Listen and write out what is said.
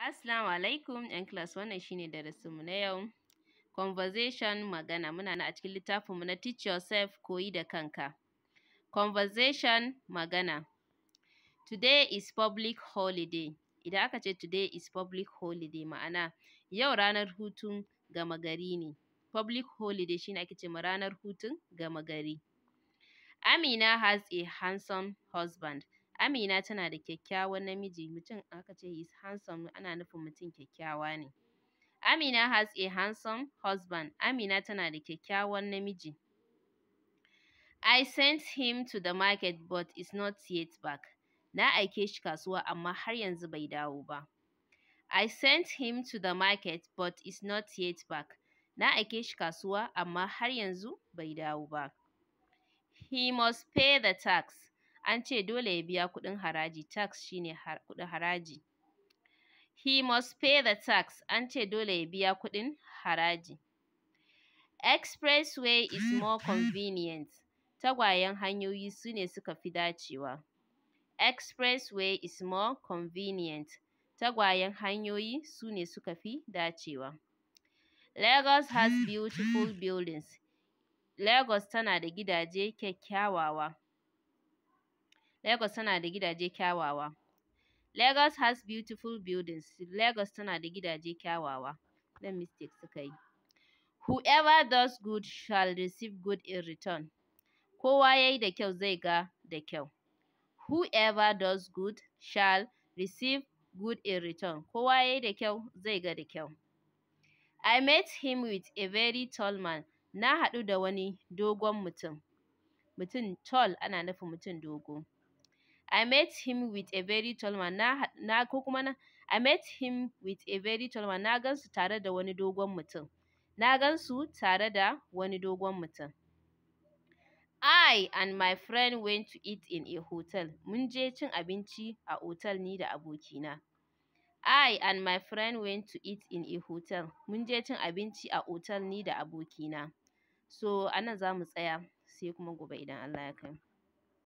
Assalamu alaikum ‘yan class wannan shi ne rasu na yau conversation magana muna na a cikin littafin mu na teach yourself koyi da kanka conversation magana today is public holiday idan aka ce today is public holiday ma'ana yau ranar hutun gama gari ne public holiday shi ne ake ce ma ranar hutun gama gari Amina has a handsome husband Amina tana da kyakkyawan namiji mutum aka ce he is handsome ana nufin mutum kyakkyawa ne. Amina has a handsome husband. Amina tana da kyakkyawan namiji. I sent him to the market but is not yet back. Na aike shi kasuwa amma har yanzu bai dawo ba. I sent him to the market but is not yet back. Na aike shi kasuwa amma har yanzu bai dawo ba. He must pay the tax. an ce dole ya biya kuɗin haraji tax shi ne kuɗin haraji he must pay the tax an ce dole ya biya kuɗin haraji expressway is more convenient tagwayen hanyoyi su ne suka fi dacewa expressway is more convenient tagwayen hanyoyi su ne suka fi dacewa Lagos has beautiful buildings Lagos tana da gidaje kyakkyawawa Lagos tana da gidaje kyawawa. Lagos has beautiful buildings. Lagos tana da gidaje kyawawa. Zan mistake suka yi. Whoever does good shall receive good in return. Kowa ya yi da kyau zai ga da kyau. Whoever does good shall receive good in return. Kowa ya yi da kyau zai ga da kyau. I met him with a very tall man. Na haɗu da wani dogon mutum. Mutum tall ana nufin mutum dogo. I met him with a very tall man na na ko kuma na I met him with a very tall man na gansu tare da wani dogon mutum na gansu tare da wani dogon mutum I and my friend went to eat in a hotel mun je cin abinci a otal ni da abokina I and my friend went to eat in a hotel mun je cin abinci a otal ni da abokina so a nan za mu tsaya sai kuma gobe idan Allah ya kai